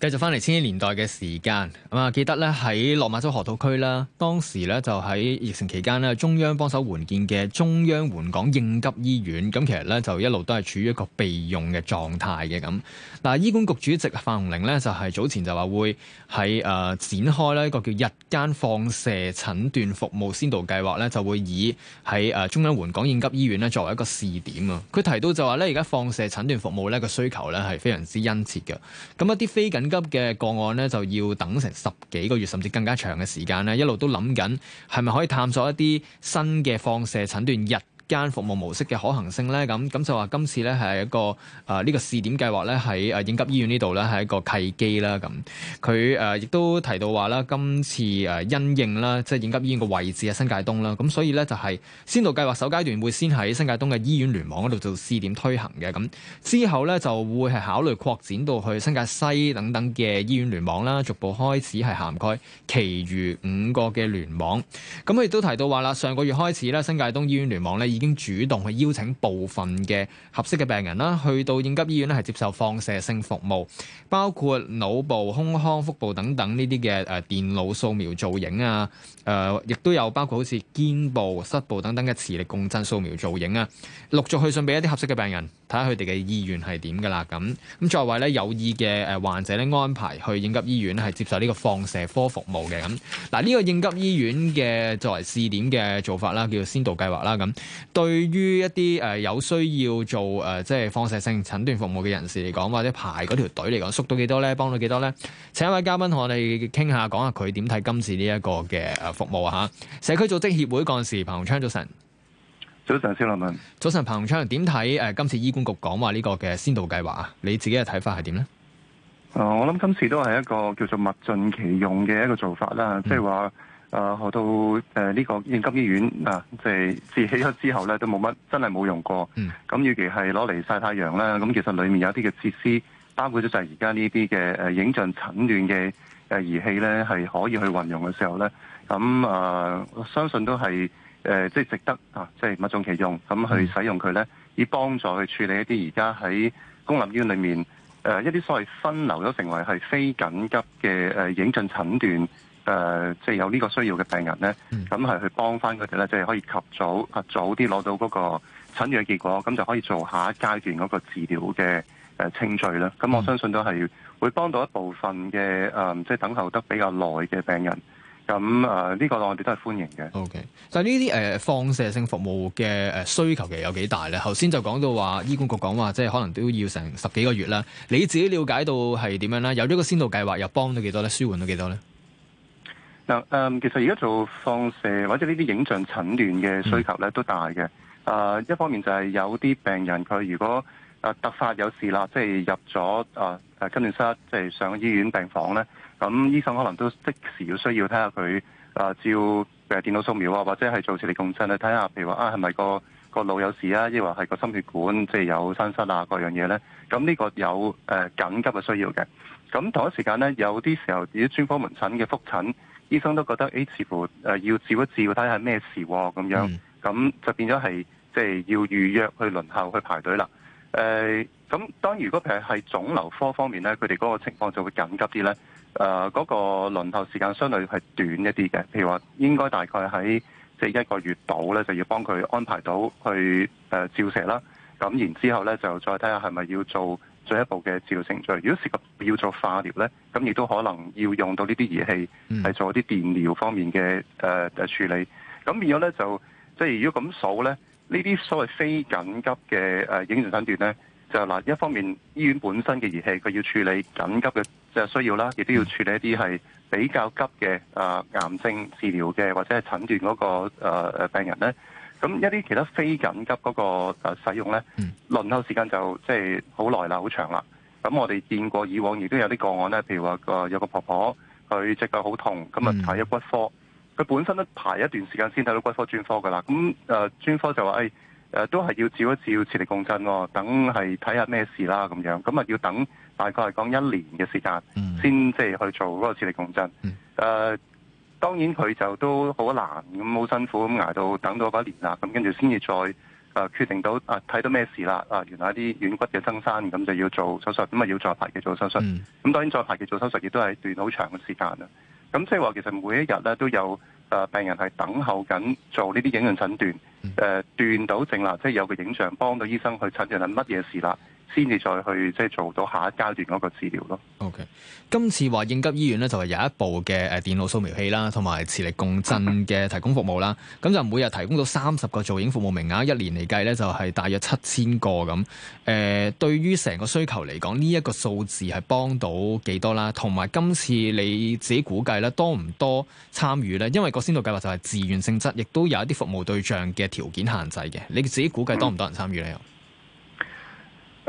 繼續翻嚟千禧年代嘅時間，咁啊，記得咧喺落馬洲河套區啦，當時咧就喺疫情期間咧，中央幫手援建嘅中央援港應急醫院，咁其實咧就一路都係處於一個備用嘅狀態嘅咁。嗱，醫管局主席范鴻齡呢，就係早前就話會喺展開呢一個叫日間放射診斷服務先導計劃咧，就會以喺中央援港應急醫院呢作為一個試點啊。佢提到就話咧，而家放射診斷服務咧個需求咧係非常之殷切嘅，咁一啲非緊急嘅個案咧，就要等成十幾個月，甚至更加長嘅時間咧，一路都諗緊，係咪可以探索一啲新嘅放射診斷日間服務模式嘅可行性咧，咁咁就話今次咧，係一個誒呢、呃這個試點計劃咧喺誒應急醫院呢度咧係一個契機啦，咁佢誒亦都提到話啦，今次誒因應啦，即係應急醫院個位置係新界東啦，咁所以咧就係先導計劃首階段會先喺新界東嘅醫院聯網嗰度做試點推行嘅，咁之後咧就會係考慮擴展到去新界西等等嘅醫院聯網啦，逐步開始係涵蓋其餘五個嘅聯網。咁佢亦都提到話啦，上個月開始咧新界東醫院聯網咧。已經主動去邀請部分嘅合適嘅病人啦，去到應急醫院咧係接受放射性服務，包括腦部、胸腔、腹部等等呢啲嘅誒電腦掃描造影啊，誒、呃、亦都有包括好似肩部、膝部等等嘅磁力共振掃描造影啊，陸續去信俾一啲合適嘅病人睇下佢哋嘅意願係點噶啦，咁咁作為咧有意嘅誒患者咧安排去應急醫院咧係接受呢個放射科服務嘅咁，嗱呢、這個應急醫院嘅作為試點嘅做法啦，叫做先導計劃啦咁。對於一啲誒有需要做誒即係放射性診斷服務嘅人士嚟講，或者排嗰條隊嚟講，縮到幾多咧？幫到幾多咧？請一位嘉賓同我哋傾下，講下佢點睇今次呢一個嘅誒服務吓，社區組織協會幹事彭鴻昌早晨。早晨，肖立文，林早晨，彭鴻昌點睇誒今次醫管局講話呢個嘅先導計劃啊？你自己嘅睇法係點咧？誒，我諗今次都係一個叫做物盡其用嘅一個做法啦，即係話。啊，學到誒呢個應急醫院啊，即係自起咗之後咧，都冇乜真係冇用過。咁、嗯，尤其係攞嚟曬太陽啦。咁其實裏面有啲嘅設施，包括咗就係而家呢啲嘅誒影像診斷嘅誒儀器咧，係可以去運用嘅時候咧，咁啊、呃，我相信都係誒即係值得啊，即係物盡其用，咁去使用佢咧，嗯、以幫助去處理一啲而家喺公立醫院裏面誒、呃、一啲所謂分流咗成為係非緊急嘅誒影像診斷。誒，即係、呃就是、有呢個需要嘅病人咧，咁係、嗯、去幫翻佢哋咧，即、就、係、是、可以及早及早啲攞到嗰個診斷嘅結果，咁就可以做下一階段嗰個治療嘅清序啦。咁、呃嗯、我相信都係會幫到一部分嘅誒，即係等候得比較耐嘅病人。咁誒，呢、呃這個我哋都係歡迎嘅。O、okay. K.，但係呢啲誒放射性服務嘅需求其實有幾大咧？頭先就講到話醫管局講話，即係可能都要成十幾個月啦。你自己了解到係點樣啦？有咗個先導計劃，又幫到幾多咧？舒緩到幾多咧？嗱，誒、嗯，其實而家做放射或者呢啲影像診斷嘅需求咧都大嘅。啊，一方面就係有啲病人佢如果啊突發有事啦，即係入咗啊誒急診室，即係上醫院病房咧，咁醫生可能都即時要需要睇下佢啊照誒電腦掃描啊，或者係做磁力共振去睇下，譬如話啊係咪個個腦有事啊，抑或係個心血管即係有栓塞啊嗰樣嘢咧。咁呢個有誒、啊、緊急嘅需要嘅。咁同一時間咧，有啲時候啲專科門診嘅覆診。醫生都覺得，誒似乎誒、呃、要照一照睇下咩事喎、啊，咁樣，咁、mm. 就變咗係即係要預約去輪候去排隊啦。誒、呃，咁當然如果譬如係腫瘤科方面咧，佢哋嗰個情況就會緊急啲咧，誒、呃、嗰、那個輪候時間相對係短一啲嘅。譬如話，應該大概喺即係一個月度咧，就要幫佢安排到去誒、呃、照射啦。咁然之後咧，就再睇下係咪要做。進一步嘅治療程序，如果涉及要做化療咧，咁亦都可能要用到呢啲儀器，係做一啲電療方面嘅誒、呃、處理。咁變咗咧就，即係如果咁數咧，謂呃、呢啲所謂非緊急嘅影像診斷咧，就嗱一方面醫院本身嘅儀器，佢要處理緊急嘅即係需要啦，亦都要處理一啲係比較急嘅啊、呃、癌症治療嘅或者係診斷嗰個、呃、病人咧。咁一啲其他非緊急嗰個使用咧，嗯、輪候時間就即係好耐啦，好、就是、長啦。咁我哋見過以往亦都有啲個案咧，譬如話有個婆婆，佢隻腳好痛，咁啊睇咗骨科，佢、嗯、本身都排一段時間先睇到骨科專科㗎啦。咁誒、呃、專科就話誒、哎呃，都係要照一照磁力共振喎、哦，等係睇下咩事啦咁樣。咁啊要等大概係講一年嘅時間先即係去做嗰個磁力共振、嗯呃當然佢就都好難咁，好辛苦咁捱到等到嗰一年啦，咁跟住先至再啊、呃、決定到啊睇到咩事啦啊，原來啲軟骨嘅增生，咁就要做手術，咁啊要再排期做手術。咁、mm. 當然再排期做手術亦都係一段好長嘅時間啦，咁即係話，其實每一日咧都有啊、呃、病人係等候緊做呢啲影像診斷，誒、呃、斷到症啦，即係有個影像幫到醫生去診斷緊乜嘢事啦。先至再去即係做到下一階段嗰個治療咯。OK. 今次話應急醫院咧就係有一部嘅誒電腦掃描器啦，同埋磁力共振嘅提供服務啦。咁 就每日提供到三十個造影服務名額，一年嚟計咧就係大約七千個。咁。誒，對於成個需求嚟講呢一個數字係幫到幾多啦？同埋今次你自己估計咧多唔多參與咧？因為個先導計劃就係自願性質，亦都有一啲服務對象嘅條件限制嘅。你自己估計多唔多人參與咧？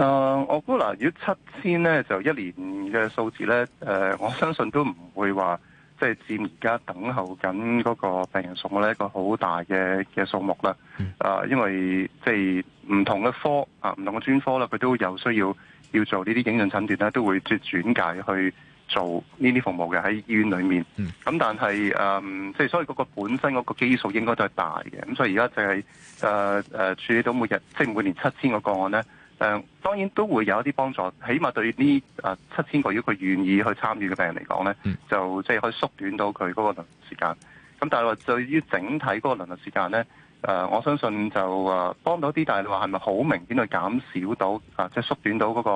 啊！Uh, 我估嗱，如果七千咧就一年嘅數字咧，誒、呃，我相信都唔會話即係佔而家等候緊嗰個病人數目咧一個好大嘅嘅數目啦。Mm. 啊，因為即係唔同嘅科啊，唔同嘅專科啦，佢都有需要要做呢啲影像診斷咧，都會轉介去做呢啲服務嘅喺醫院裏面。咁、mm. 嗯、但係誒，即、嗯、係、就是、所以嗰個本身嗰個基數應該都係大嘅。咁所以而家就係誒誒處理到每日即係、就是、每年七千個個案咧。誒當然都會有一啲幫助，起碼對呢誒七千個如果佢願意去參與嘅病人嚟講咧，就即係可以縮短到佢嗰個輪候時間。咁但係話對於整體嗰個輪候時間咧，誒我相信就誒幫到啲，但係話係咪好明顯去減少到啊，即係縮短到嗰個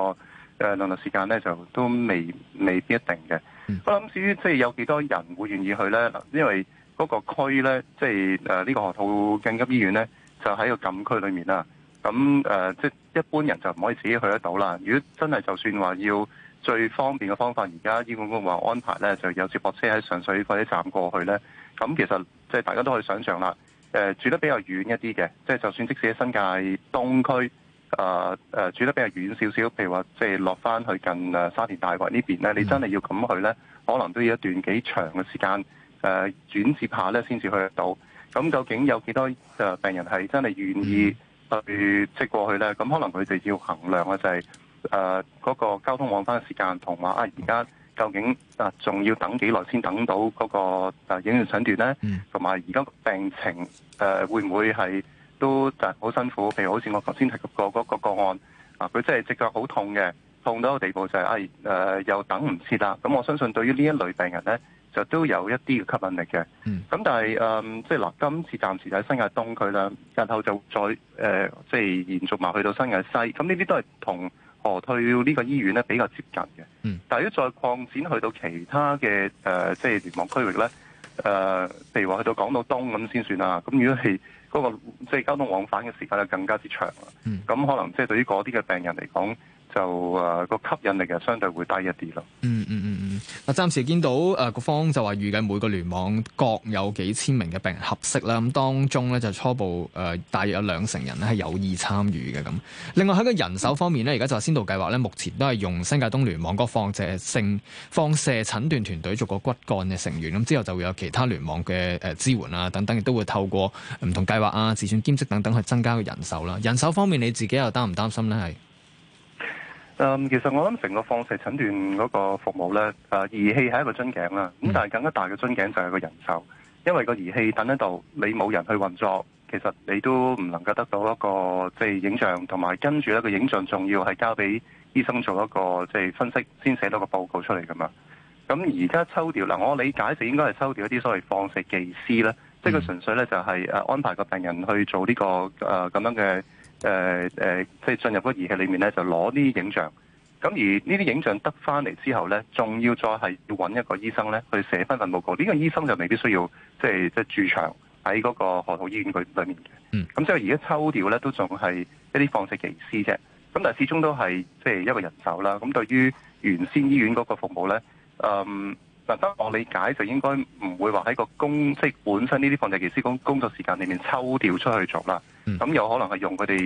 誒輪候時間咧，就都未未必一定嘅。我諗至於即係有幾多人會願意去咧，嗱，因為嗰個區咧，即係誒呢個河套緊急醫院咧，就喺個禁區裏面啦。咁誒，即係、呃就是、一般人就唔可以自己去得到啦。如果真係就算話要最方便嘅方法，而家醫管局話安排咧，就有接駁車喺上水火車站過去咧。咁其實即係大家都可以想象啦。誒、呃，住得比較遠一啲嘅，即係就算即使喺新界東區啊誒、呃，住得比較遠少少，譬如話即係落翻去近沙田大圍呢邊咧，你真係要咁去咧，可能都要一段幾長嘅時間誒、呃、轉接下咧，先至去得到。咁究竟有幾多、呃、病人係真係願意、嗯？特別，即過去咧，咁可能佢哋要衡量嘅就係、是、誒，嗰、呃那個交通往返嘅時間，同話啊，而家究竟啊，仲要等幾耐先等到嗰個影像診斷咧？同埋而家病情誒、呃，會唔會係都好辛苦？譬如好似我頭先提及過嗰、那個、那個案啊，佢真係隻腳好痛嘅，痛到個地步就係、是、誒、哎呃，又等唔切啦。咁我相信對於呢一類病人咧。就都有一啲嘅吸引力嘅，咁、嗯、但係即係嗱，今次暫時喺新界東區啦，日後就再即係、呃就是、延續埋去到新界西，咁呢啲都係同河套呢個醫院咧比較接近嘅。嗯、但係如果再擴展去到其他嘅即係聯網區域咧，誒、呃，譬如話去到港島東咁先算啦。咁如果係、那、嗰個即係、就是、交通往返嘅時間就更加之長啦。咁、嗯、可能即係對於嗰啲嘅病人嚟講，就誒個、呃、吸引力就相對會低一啲咯、嗯。嗯嗯嗯。暫時見到誒，各、呃、方就話預計每個聯網各有幾千名嘅病人合適啦。咁當中咧就初步誒、呃，大約有兩成人咧係有意參與嘅咁。另外喺個人手方面咧，而家就話先導計劃咧，目前都係用新界東聯網個放射性放射診斷團,團隊做個骨幹嘅成員。咁之後就會有其他聯網嘅、呃、支援啊，等等亦都會透過唔同計劃啊、自選兼職等等去增加個人手啦。人手方面你自己又擔唔擔心咧？係？誒、嗯，其實我諗成個放射診斷嗰個服務咧，誒、啊，儀器係一個樽頸啦，咁但係更加大嘅樽頸就係個人手，因為個儀器等喺度，你冇人去運作，其實你都唔能夠得到一、那個即係、就是、影像，同埋跟住咧，個影像仲要係交俾醫生做一個即係、就是、分析，先寫到一個報告出嚟㗎嘛。咁而家抽調嗱、啊，我理解就應該係抽調一啲所謂放射技師咧，即係佢純粹咧就係誒安排個病人去做呢、這個誒咁、呃、樣嘅。誒誒，即係、呃呃、進入嗰個儀器裏面咧，就攞啲影像。咁而呢啲影像得翻嚟之後咧，仲要再係要搵一個醫生咧，去寫翻份報告。呢、呢個醫生就未必需要，即係即係駐場喺嗰個河套醫院佢裏面嘅。咁即係而家抽調咧，都仲係一啲放射技師啫。咁但係始終都係即係一個人手啦。咁對於原先醫院嗰個服務咧，嗯。但當我理解就應該唔會話喺個工，即、就、係、是、本身呢啲放射技師工工作時間裏面抽調出去做啦。咁、嗯、有可能係用佢哋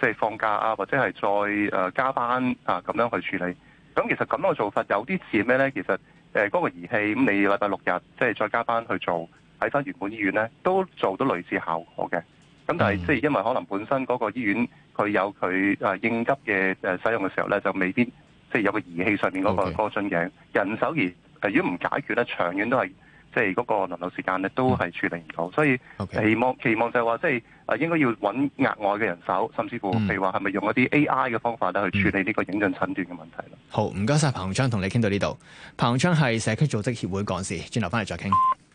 即係放假啊，或者係再誒、呃、加班啊咁樣去處理。咁其實咁樣嘅做法有啲似咩咧？其實誒嗰、呃那個儀器咁、嗯，你禮拜六日即係、就是、再加班去做喺翻原本醫院咧，都做到類似效果嘅。咁但係即係因為可能本身嗰個醫院佢有佢誒、呃、應急嘅、呃、使用嘅時候咧，就未必即係、就是、有個儀器上面嗰個樽頸 Okay. 人手而。誒，但如果唔解決咧，長遠都係即係嗰個輪候時間咧，都係處理唔到。嗯、所以期望 Okay. 期望就係話，即係誒應該要揾額外嘅人手，甚至乎譬如話係咪用一啲 AI 嘅方法咧去處理呢個影像診斷嘅問題啦、嗯。好，唔該晒，彭鴻昌，同你傾到呢度。彭鴻昌係社區組織協會幹事，轉頭翻嚟再傾。